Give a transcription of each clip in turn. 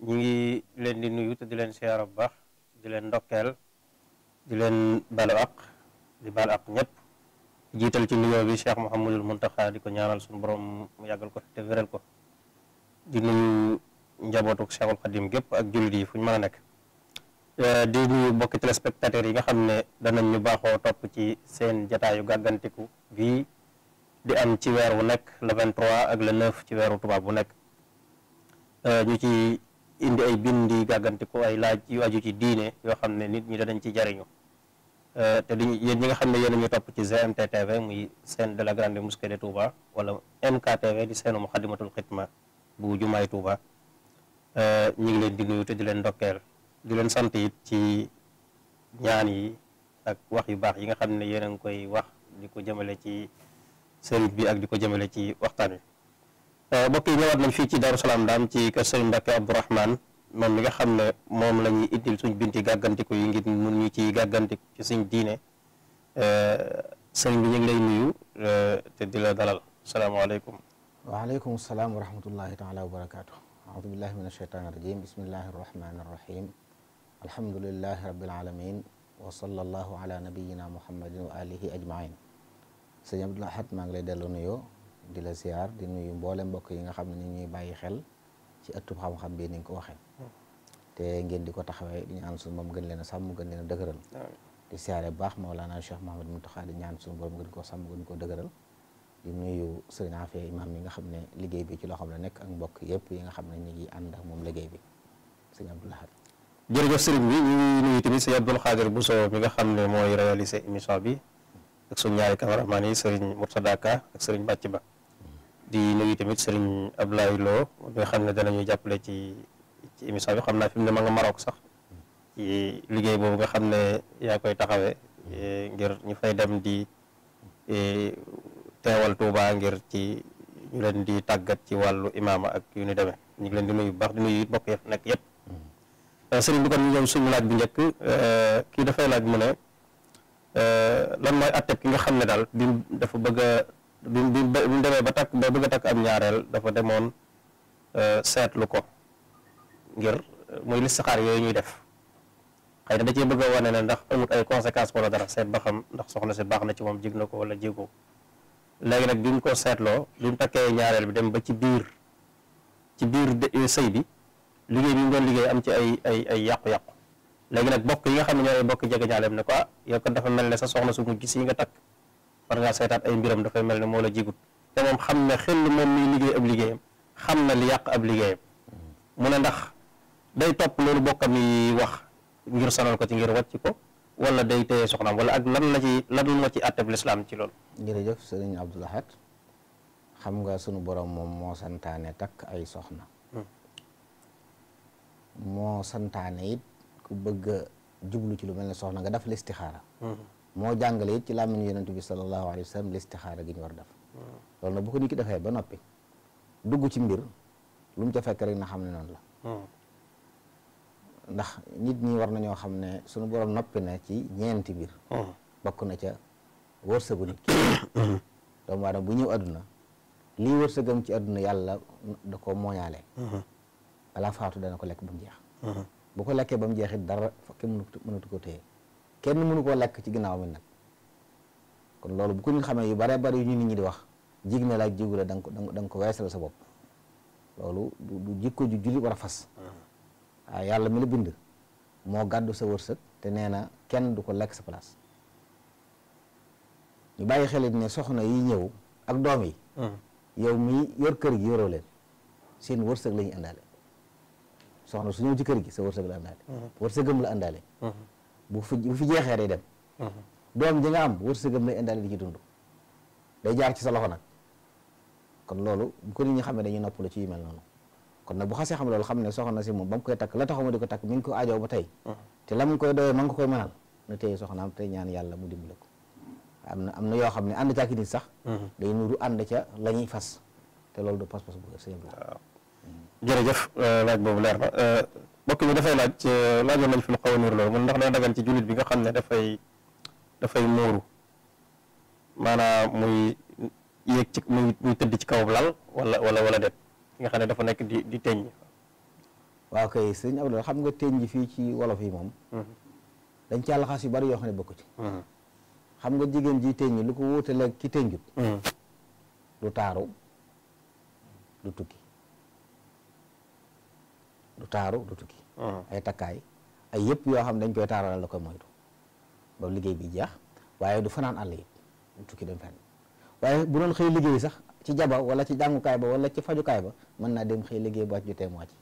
ñi ngi leen di nuyu te di leen siyaara bu baax di leen ndokkeel di leen balu aq di balu aq ñëpp jiital ci nuyoo bi mu Cheikh mënta Muntaxa di ko ñaanal suñu borom mu yàggal ko fi te wéral ko di nuyu njabootu Cheikhul Xadim gépp ak jullit yi fu ñu mën a nekk eh, di nuyu mbokki téléspectateurs yi nga xam ne danañ ñu baaxoo topp ci seen jataayu gàggantiku gii di am ci weer wu nekk le 23 ak la 9 ci weeru tubaab bu nekk eh, indi ay bindi gàgganti ko ay laaj yu aju ci diine yoo xam ne nit ñi danañ ci jariñu euh, te duñu yéen ñi nga xam ne yéen ñu topp ci GMT TV muy chaîne de la grande mosquée de Touba wala MKTV di seenu Muxaddamatul Xidma bu jumaay Touba euh, ñu ngi leen di nuyu te di leen ndokkeel di leen sant it ci ñaan yi ak wax yu baax yi nga xam ne yéen a ngi koy wax di ko jëmale ci sëriñ bi ak di ko jëmale ci waxtaan wi Eh, mbokk yi ñëwaat nañ fii ci Darou Salaam daam ci ka kër Serigne Mbacke Abdourahmane moom mi nga xam ne moom la ñuy indil suñ binti gàggantiku yi ngir mun ñu ci gàggantiku ci suñ diine eh, sëriñ bi ñu ngi lay nuyu eh, te di la dalal salaamaaleykum waaleykum salaam wa rahmatullahi taala wa barakaatu aoudu billahi min asheytaan irrajim bismillahi arrahmani irrahim alhamdulilahi rabbil alamin wa sallallahu ala nabiyina muhammadin wa alihi ajmain sëriñ Abdul Ahad maa ngi lay delloo nuyoo di la ziar di nuyu mboole mbokk yi nga xam ne ñuy bàyyi xel ci ëttub xam-xam bii ni nga ko waxee te ngeen di ko taxawee di ñaan suñu moom gën leen a sàmm gën leen a dëgëral di siyaare bu baax Mawlana Cheikh Mouhamed Mountakha di ñaan suñu borom gën koo sàmm gën koo dëgëral di nuyu nga xam ne liggéey bi ci loo xam ne nekk ak mbokk yëpp yi nga xam ne ñu ngi ànd ak moom liggéey bi sëriñ Abdoulahad jërëjëf sëriñ bi ñu ngi nuyu tamit sëriñ Abdoul Khadir Bousso mi nga xam ne mooy réaliser émission bi ak suñu ñaari cameraman yi sëriñ Murtada ak sëriñ Bàcc Ba di nuyu tamit Serigne Abdoulaye Lo nga xam ne danañu jàppale ci ci émission bi xam naa fi ne ma nga Maroc sax liggéey boobu nga xam ne yaa koy taxawe ngir ñu fay dem di e, teewal Touba ngir ci ñu leen di tàggat ci wàllu imaama ak yu ni demee ñu ngi leen di nuyu baax di nuyu bokk nekk yëpp sëriñ bi kon suñu laaj bu njëkk euh, kii dafay laaj mu ne euh, lan mooy atteb ki nga xam ne daal bi dafa bëgg bi bi mu demee ba takk ba bëgg a takk am ñaareel dafa demoon euh, seetlu ko ngir euh, muy listixaar yooyu ñuy def xëy na da cee bëgg a wane ne ndax amut ay conséquence wala dara seet ba xam ndax soxna si baax na ci moom jig na ko wala jigoo léegi nag bi mu ko seetloo bi mu takkee bi dem ba ci biir ci biir euh, sëy bi liggéey bi mu doon liggéey am ci ay ay ay yàqu-yàqu léegi nag bokk yi nga xam ne bokk jege ñaaleem ne ko ah yow kat ne sa soxna su mujj si nga takk war ngaa ay mbiram dafay mel ne moo la jigut te xam ne xel moom miy liggéey ab liggéeyam xam na li yàq ab liggéeyam mu ne ndax day topp loolu bokkam yi wax ngir sonal ko ci ngir wàcc ko wala day téye soxnaam wala ak lan ci lan la ci àtteb lislaam ci loolu jërëjëf sëriñ Abdul Ahad xam nga sunu boroom moom moo santaane takk ay soxna hmm. moo santaane it ku bëgg jublu ci lu mel ne soxna nga def listixaara hmm. moo jàngale it ci làmmiñu yonent bi sallallahu alayhi wa sallam listixaara gi ñu war def hmm. loolu nag bu ko nit ki ba noppi dugg ci mbir lum ca fekk rek na xam ne noonu la hmm. ndax nit ñi war nañoo xam ne suñu borom noppi na ci ñeenti mbir hmm. bokk na ca wërsëgu nit ki doomu aadama bu ñëw àdduna lii wërsëgam ci àdduna yàlla da ko mooñaale balaa faatu dana ko lekk ba mu jeex bu ko lekkee ba mu jeex dara fokki mënatu ko téye kenn mënu koo lekk ci ginnaaw mi kon loolu bu ko ñu xamee yu bare bari yu ñu nit ñi di wax jig na laaj jigu la da nga ko da nga ko weesal sa bopp loolu du jikko ju jullit war a fas waaye ah, yàlla mi la bind moo gàddu sa wërsëg te nee na kenn du ko lekk sa place ñu bàyyi xel xelit ne soxna yi ñëw ak doom yi yow mi yor kër gi yoroo leen seen wërsëg la ñu àndaale soxna su ñëw ci kër gi sa wërsëg la àndaale wërsëgam la àndaale bu fi bu fi jeexee day dem mhm. doom ji nga am wërsëgam lay indaale di ci dund day jaar ci sa loxo nag kon loolu bu ko nit ñi xamee dañuy noppalu ci yu mel noonu kon nag bu xasee xam loolu xam ne soxna si ba mu koy la taxaw ma di ko ko aajoo ba tey mhm. te la mu koy doyee ma nga koy mënal na téye soxnaam te ñaan yàlla mu dimbale ko am na am yoo xam ne ànd ca ak nit sax mhm. day nuru ànd ca la fas te loolu du pas-pas bu sëñ bi jërëjëf euh, laaj boobu leer na euh, mbokk bi dafay laaj euh, laajoon nañ fi lu xaw a niir loolu mun ndax dana dagan ci jullit bi nga xam ne dafay dafay maanaa maanaam muy yéeg tëdd ci kaw lal wala wala wala det nga xam ne dafa nekk di di teññ waaw kay sëñ Abdoulaye xam nga teññ fii ci wolof yi moom mhm. dañ ci àllaxaas yu bari yoo xam ne bokku ci mhm. xam nga jigéen ji teññ lu ko wóotale ki teñjut mhm. du taaru du tukki du taaru du tukki uh-huh. ay takkaay ay yëpp yoo xam dañ koy taaralal la koy moytu ba liggéey bi jeex waaye du fanaan àll yi du tukki dem fenn waaye bu doon xëy liggéey sax ci jaba wala ci jàngukaay ba wala ci fajukaay ba mën naa dem xëy liggéey bu wàcc jotee mu wàcc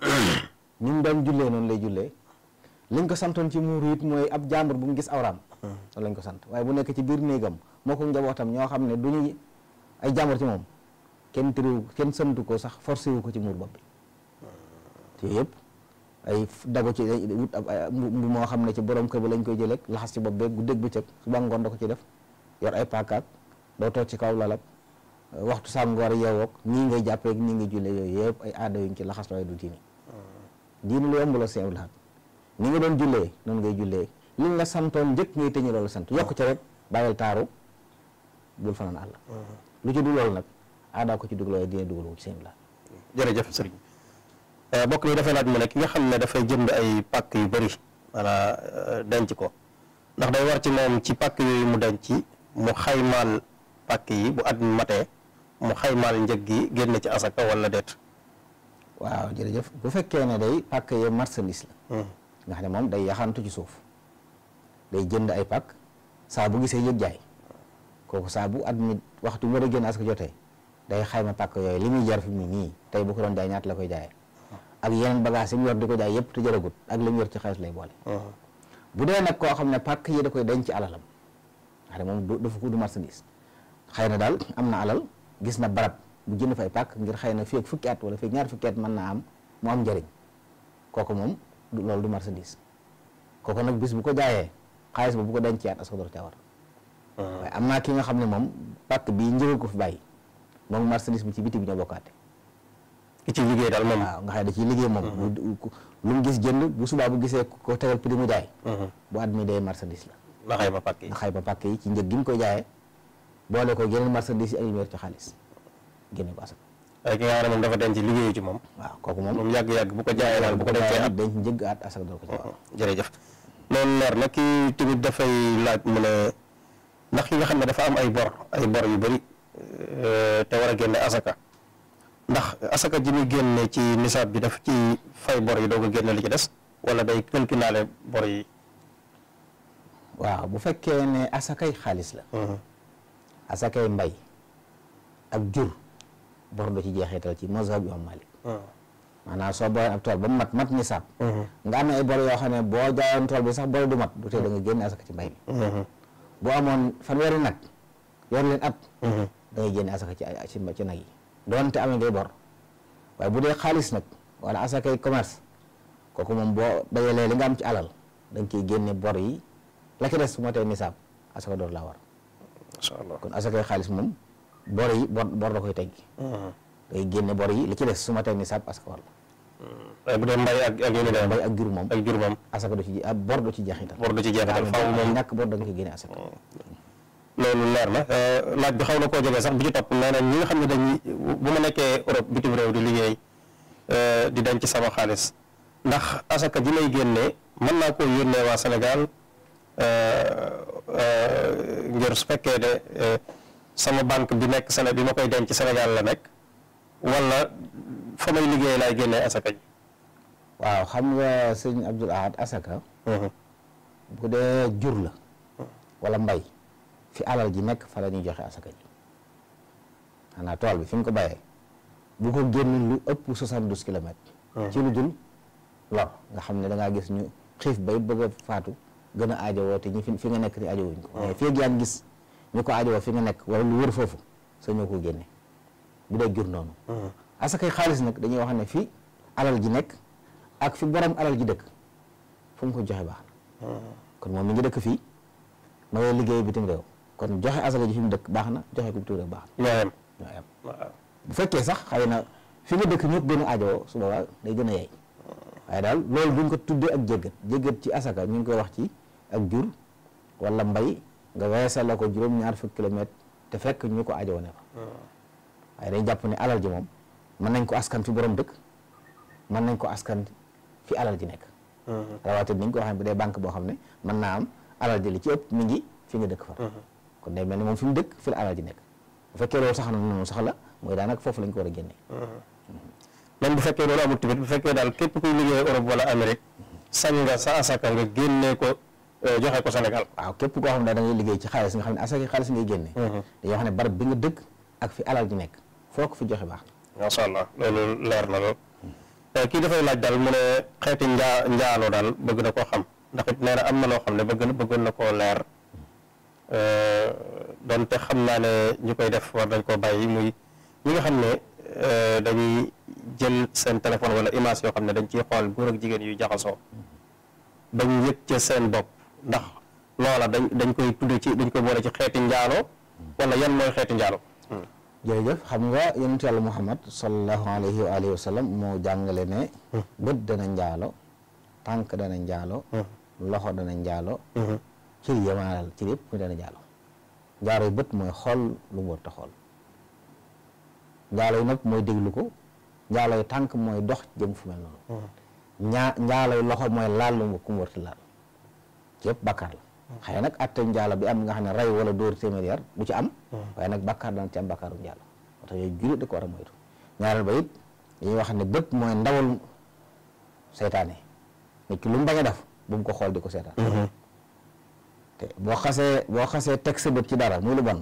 ni mu doon jullee noonu lay jullee lañ ko santoon ci muuru it mooy ab jàmbur bu mu gis awraam uh-huh. loolu lañ ko sant waaye bu nekk ci biir néegam moo ko njabootam ñoo xam ne du ñu ay jàmbur ci moom kenn tëriwu kenn santu ko sax forcé wu ko ci muur bopp kii yëpp ay dago ci wut ab mbu moo xam ne ci borom kër ba lañ koy jëlee laxas ci bopp beeg gu dégg bëccëg suba ngoon da ko ci def yor ay paakaak doo toog ci kaw lalab euh, waxtu saam ngoor yeewoog nii ngay jàppeeg nii ngay jullee yooyu yëpp ay aada yuñ ci laxas waaye du diini hmm. diini lu yomb la seen laat ni nga doon jullee noonu ngay jullee li nga santoon njëkk ngay tëñi loolu sant yokk ca rek bàyyil taaru bul fanaan àll hmm. lu ci du loolu nag aadaa ko ci dugal waaye diine Euh, bokk ni dafay laaj mu ne ki nga xam ne dafay jënd ay pàkk yu bëri walla euh, denc ko ndax day war ci moom ci pakk yooyu mu denc mu xaymaal pakk yi bu at mi mu xaymaal njëg gi génn ci asaka walla deet waaw jërëjëf bu fekkee ne day pàkk yi marchandise la hmm. nga xam ne moom day yaxantu ci suuf day jënd ay pàkk saa bu gisee yëg jaay kooku saa bu at mi waxtu war a génn asaka jotee day xayma pàkk yooyu li muy jar fi mu nii tey bu ko doon jaay ñaata la koy jaayee ak yeneen bagage yi mu yor di ko jaay yëpp te jëragut ak li mu yor ci xaalis lay boole bu dee nag koo xam ne pàkk yi da koy denc ci alalam xare moom dafa ko du marchandise xëy na daal am na alal gis na barab bu jënd fay pàkk ngir xëy na fii ak fukki at wala fii ak ñaar fukki at mën naa am mu am njëriñ kooku moom loolu du marchandise kooku nag bis bu ko jaayee xaalis ba bu ko denc yaat askan ca waaye am naa ki nga xam ne moom pàkk bii njëgal ko fi bàyyi moom marchandise bi ci biti bi ñoo ki ci liggéey daal moom waaw nga xam da ciy liggéey moom mm-hmm. lu mu gis jënd bu subaa bu gisee ko tegal prix mu jaay mm-hmm. bu at mi day marchandise la na xayma pàkk yi na xayma pàkk yi ci njëg gi mu koy jaayee boole ko yeneen marchandise yi ak ñu ci xaalis génne ko asaka ki nga xam ne moom dafa denc liggéeyu ci moom waaw kooku moom moom yàgg-yàgg bu ko jaayee daal bu ko dencee at denc njëg at asaka dool ko ci mm-hmm. jërëjëf loolu leer na kii tamit dafay laaj mu ne ndax ki nga xam ne dafa am ay bor ay bor yu bëri euh, te war a génne asaka ndax asaka ji muy génne ci nisaab bi daf ci fay bor yi doog a génne li ci des wala day calculaale bor yi waaw bu fekkee ne asakay xaalis la mhm. asakay mbay ak jur bor do ci jeexital ci mazhab imam malik mhm. maanaam soo booleen ab tool ba mu mat mat nisaab mhm. nga am ay bor yoo xam ne boo jaayoon tool bi sax bor du mat du tee da génne asaka ci mbay mi boo amoon fanweeri nag yor leen at da génne asaka ci ci nag yi doonte amee ngay bor waaye bu dee xaalis nag wala asakay commerce kooku moom boo dajalee li nga am ci alal da koy génne bor yi la ki des su ma tey nisaab asaka door laa war. macha allah kon xaalis moom bor yi bor bor hmm. da ci des su ma tey asaka war la. Hmm. waaye bu dee mbay ak ak asaka du ci ah, bor du ci jeexital. bor du ci jeexital faaw moom ñàkk bor da nga koy génne asaka. Hmm. loolu leer na euh, laaj bi xaw na koo jege sax bi ci topp nee na ñi nga xam ne dañuy bu ma nekkee Europe bitim réew di liggéey euh, di denc sama xaalis ndax asaka ji may génnee mën naa koo yónnee waa Sénégal euh, ngir su fekkee ne sama banque bi nekk Sénégal bi ma koy denc Sénégal la nekk wala fa may liggéey laay génnee asaka ji. waaw xam nga sëñ Abdoul Ahad asaka. Mhm. bu dee jur la. Mhm. wala mbay. fi alal ji nekk fa la ñuy joxe asaka ji xanaa tool bi fi mu ko bàyyee bu ko génn lu ëpp soixante-douze kilomètres ci lu dul nga xam ne dangaa gis ñu xiif bay bëgg faatu gën a aajowoo te ñi fi nga nekk ni aajowuñ ko mais fii gis ñu ko aajowoo fi nga nekk wala lu wër foofu sa ñoo ko génne bu dee jur noonu asakay xaalis nag dañuy wax ne fi alal ji nekk ak fi borom alal ji dëkk fu mu ko joxe baax na kon moom mi ngi dëkk fii ma ngay liggéey bitim réew kon joxe asaka ji fi mu dëkk baax na joxe ko tuure baax na. ñoo yem bu fekkee sax xëy na fi nga dëkk ñëpp gën a aajowoo su boobaa day gën a yey waaye daal loolu duñ ko tuddee ak jéggat jéggat ci asaka ñu ngi koy wax ci ak jur wala mbay nga weesale ko juróom-ñaar fukki te fekk ñu ko aajowoo hmm. ne waaye dañ jàpp ni alal ji moom mën nañ ko askan fi borom dëkk mën nañ ko askan fi alal ji nekk hmm. rawatina niñ ko ne bu dee banque boo xam ne mën naa am alal ji li ci ëpp mi ngi fi nga dëkk fa hmm. kon day mel ni moom fi mu dëkk fi la alal ji nekk bu fekkee loolu sax na noonu sax la mooy daanaka foofu lañ ko war a génne même bu fekkee loolu amul tamit bu fekkee daal képp koy liggéey Europe wala Amérique sañ nga sa asaka nga génnee ko euh, joxe ko senegal waaw képp koo xam ne da ngay liggéey ci xaalis nga xam ne asaka xaalis ngay génne mm-hmm. dañoo xam ne barab bi nga dëkk ak fi alal ji nekk foo ko fi joxe baax na macha allah loolu leer na lool euh, kii defee laaj daal mu ne xeeti njaaloo daal bëgg na koo xam ndax it am na loo xam ne bëgg na bëggoon na koo leer Euh, donte xam naa ne ñu koy def war dañ ko bàyyi muy ñi nga xam ne euh, dañuy jël seen téléphone wala image yoo xam ne dañ ci xool góor ak jigéen yuy jaxasoo dañ yëg ca seen bopp ndax loola dañ dañ koy tudd ci dañ koy boole ci xeeti njaalo wala yan mooy xeeti njaalo hmm. jërëjëf xam nga yonentu yàlla muhammad sallallahu alayhi wa alihi wa moo jàngale ne hmm. bët dana njaalo tànk dana njaalo hmm. loxo dana njaalo ci yi maa dal cër yëpp mu dana jaalo jaaro bët mooy xool lu mu war xool jaalo yi nopp mooy déglu ko jaalo yi tànk mooy dox jëm fu mel noonu hmm. ñaa njaalo yi loxo mooy laal lu mu ku mu yëpp bakkaar la hmm. xëy nag atte njaalo bi am nga xam ne rey wala dóor téeméer yar du ci am hmm. waaye nag bakkaar dana ci am bakkaaru njaalo moo yooyu jullit da ko war a moytu ñaareel ba it dañuy wax ne bët mooy ndawal seytaane nit ki lu mu bañ a def bu mu ko xool di ko seetaan te boo xasee boo xasee teg sa bët ci dara muy lu bon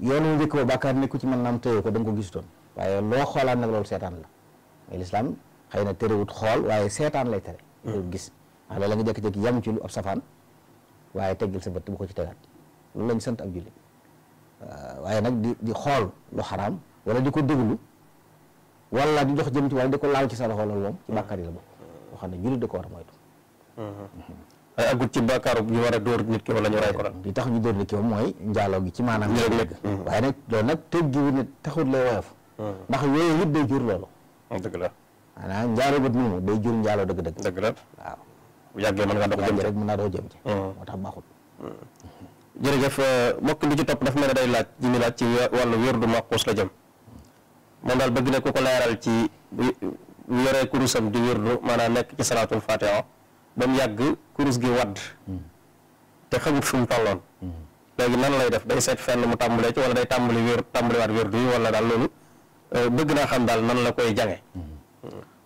yoonu njëkk ba bàkkaar ni ku ci mën naam téye ko da ko gisutoon waaye loo xoolaat nag loolu seetaan la mais lislaam xëy na terewut xool waaye seetaan lay tere hmm. loolu gis ndax loolu la nga jékki-jékki yam ci lu ab safaan waaye teggil sa bët bu ko ci tegaat loolu lañ sant ak julli waaye nag di di xool lu xaraam wala di ko déglu wala di jox jëm ci wala di ko laal ci sa loxo loolu moom ci hmm. bàkkaar yi la bokk xam ko war a waaye aggut ci bàkkaaru ñu war a dóor nit ki wala ñu ray ko tax ñu dóor nit ki ci maanaam léeg léeg hmm. waaye nag loolu hmm. ndax day jur hmm, la maanaam bët moomu day jur dëgg dëgg dëgg bu yàggee mën nga dox rek mën naa doo jëm ci moo tax euh, mbokk li ci topp dafa mel ne day laaj ji mi laaj ci wàllu wérdu màquus la na ku ko leeral ci yoree kurusam di wérdu maanaam nekk ci salaatul fatiha ba yàgg kurus gi wadd te xamul fu mu tolloon léegi nan lay def day seet fenn mu tàmbalee ci wala day tàmbali wér tàmbaliwaat wér du wala daal loolu euh, bëgg naa xam daal nan la koy jange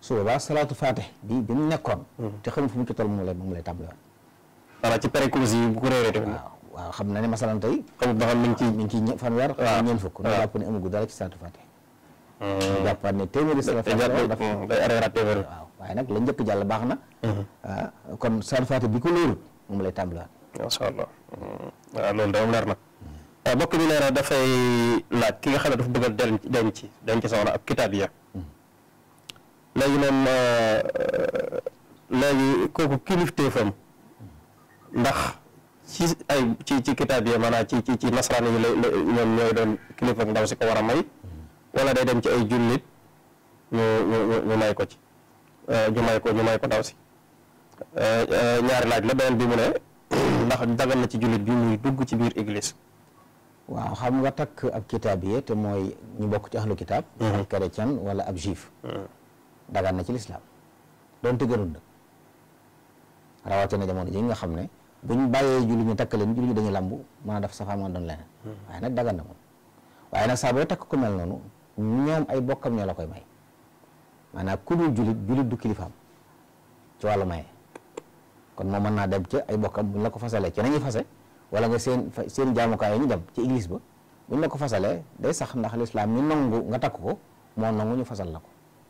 su boobaa salaatu faate bi bi mu nekkoon mm-hmm. te xamul fu mu ci toll mu lay mu lay tàmbaliwaat voilà ci précours yi bu ko réeree tamit waaw xam na ne masalan tey xamul ba xam mi ngi ci mi ngi ci fanweer ñeent fukk ñu jàpp ne amagu dara ci salaatu faate mm-hmm. ñu jàppaat ne salaatu faate day arrêté waaw waaye nag la njëkk jàll baax na. Mhm. Ah, kon saar faate bi ko mhm. ah, loolu moom lay tàmbalaat. leer na. Ah, mbokk mi nee na dafay laaj ki nga xam ne dafa bëgg a denc denc denc soxna ab kitaab ya mhm. léegi moom léegi kooku kilifteefam ndax ci ay ci ci kitaab ya maanaam ci ci ci nasaraan yi lay ñoom ñooy doon kilifa ndaw si ko war a may wala day dem ci ay jullit ñu ñu ñu may ko ci. Euh, ñu euh, ñaari laaj la beneen bi mu ne ndax dagal na ci jullit bi muy dugg ci biir église waaw xam nga takk ab kitaab yi te mooy ñu bokk ci ahlu kitaab mm-hmm. ab chrétien wala ab juif mm-hmm. dagan na ci lislaam doonte gënul nag rawatina jamono ji nga xam ne buñ bàyyee julli ñu takk leen julli ñu dañuy lambu mën a def safa mën a doon leneen mm-hmm. waaye nag dagan na moom waaye nag saa takk ku mel noonu ñoom ay bokkam ñoo la koy may maanaam ku dul julit julit du kilifaam ci wàllu maye kon moom mën naa dem ca ay bokkam buñ la ko fasalee ci nañuy fase wala nga seen seen jaamukaay yi ñu dem ci église ba buñ la ko day sax ndax lislaam ñu nangu nga takk ko moo nangu ñu fasal la ko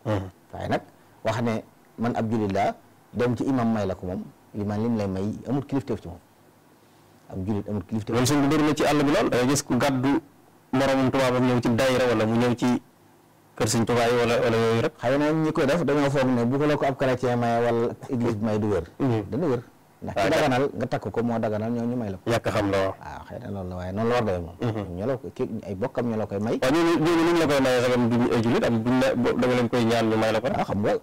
hmm. waaye nag wax ne man ab julit laa dem ci imam may la ko moom liman lim lay may amul kilifteef ci moom ab julit amul kilifteef loolu suñu bëri na ci àll bi lool da gis ku gàddu moromam tubaabam ñëw ci daayira wala mu ñëw ci kër sëñ Tuubaa yi wala yooyu rek xëy na koy def dañoo foog ne bu ko la ko ab chrétien maye wala église bi may du wér mm-hmm. dana wér ah, ndax ki daganal nga takk ko moo daganal ah, mm-hmm. ñoo ñu may la ko yàq la waaw waaw xëy waaye noonu la war demee moom ko ki ay ah, bokkam koy may ñaan ñu may xam nga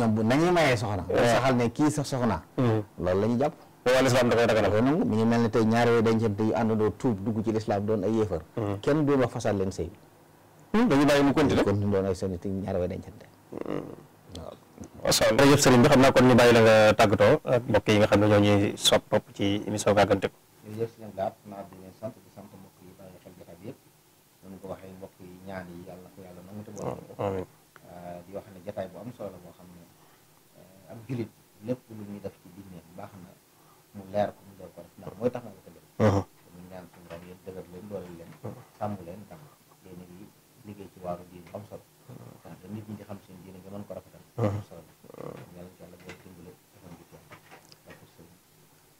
ñoom bu nañuy mayee soxna eh. saxal ne kii sax soxna mm-hmm. loolu la ñu jàpp waaw lislaam da koy daganal koy nangu mi ngi mel ni tey ñaari way dencante yu àndandoo tuub dugg ci lislaam doon ay yéefar kenn du wax fasal leen sëy Hmm, dañu bàyyi mu continué kon ñu doon ay seen i tig ñaari way dencante waaw hmm. macha allah jërëjëf sëriñ bi yi nga xam ne ñoo ñuy sopp topp ci émission Gagganti ko jërëjëf sëriñ Abdou Lahad naa di leen sant di sant mbokk yi bàyyi xel jotaay bi yëpp ñu ko waxee mbokk yi ñaan yi yàlla ko yàlla nangu te boole hmm, amiin ah, di wax am solo boo xam ne eh, ak julit lépp lu ñuy def ci diine baax na mu leer ko mu door ko def ndax mooy tax na nga ko def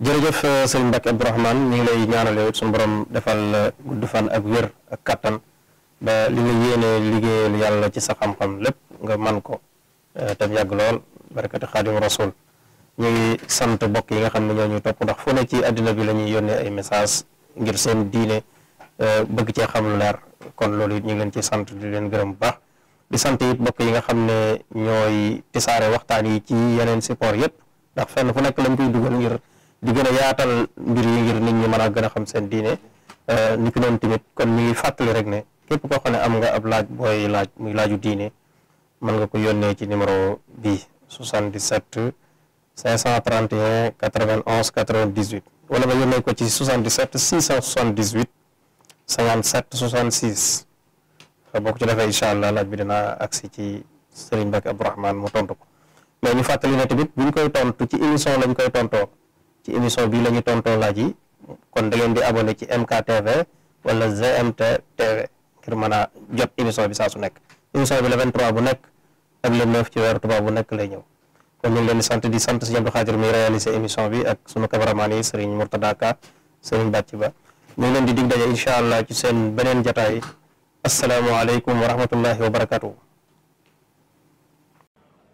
jërëjëf euh, sëriñ Mbacke Abdourahman ñu ngi lay ñaanal yow suñu borom defal gudd fan ak wér ak kàttan ba li nga yéenee liggéeyal yàlla ci sa xam-xam lépp nga man ko euh, te yàgg lool barakati xaadim rasul ñu ngi sant mbokk yi nga xam ne ñoo ñu topp ndax foo ne ci àddina bi lañuy ñuy yónnee ay message ngir seen diine euh, bëgg cee xam lu leer kon loolu it ñu ngi leen ci sant di leen gërëm bu baax di sant it mbokk yi nga xam ne ñooy tisaare waxtaan yi ci yeneen support yëpp ndax fenn fu nekk lañ koy dugal ngir di gën a yaatal mbir yi ngir nit ñi mën a gën a xam seen diine eh, nu ki noonu tamit kon mi ngi fàttali rek ne képp koo xam ne am nga ab laaj booy laaj muy laaju diine mën nga ko yónnee ci numéro bii 77 531 91 98 wala nga yónnee ko ci 77 678 57 66 te boo ko ci defee incha allah laaj bi dina agsi ci Serigne Mbacke Abdourahmane mu tontu ko mais ñu fàttali ne tamit buñ koy tontu ci émission lañ koy tontoo ci émission bi la ñuy tontoo laaj yi kon da ngeen di abonné ci MKTV wala GMT TV ngir mën a jot émission bi saa su nekk émission bi le 23 bu nekk ak le ci weeru tubaab bu nekk lay ñëw kon ñu ngi leen di sant di sant Serigne Abdou Khadir mi réalisé émission bi ak sunu cameraman yi Serigne Mourtada Ka leen di dig daje incha allah ci seen beneen jataay asalaamualeykum wa rahmatullahi wa barakatuh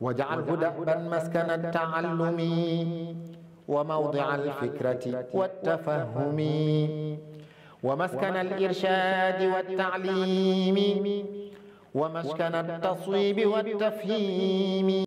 واجعله دأبا مسكن التعلم وموضع الفكرة والتفهم ومسكن الإرشاد والتعليم ومسكن التصويب والتفهيم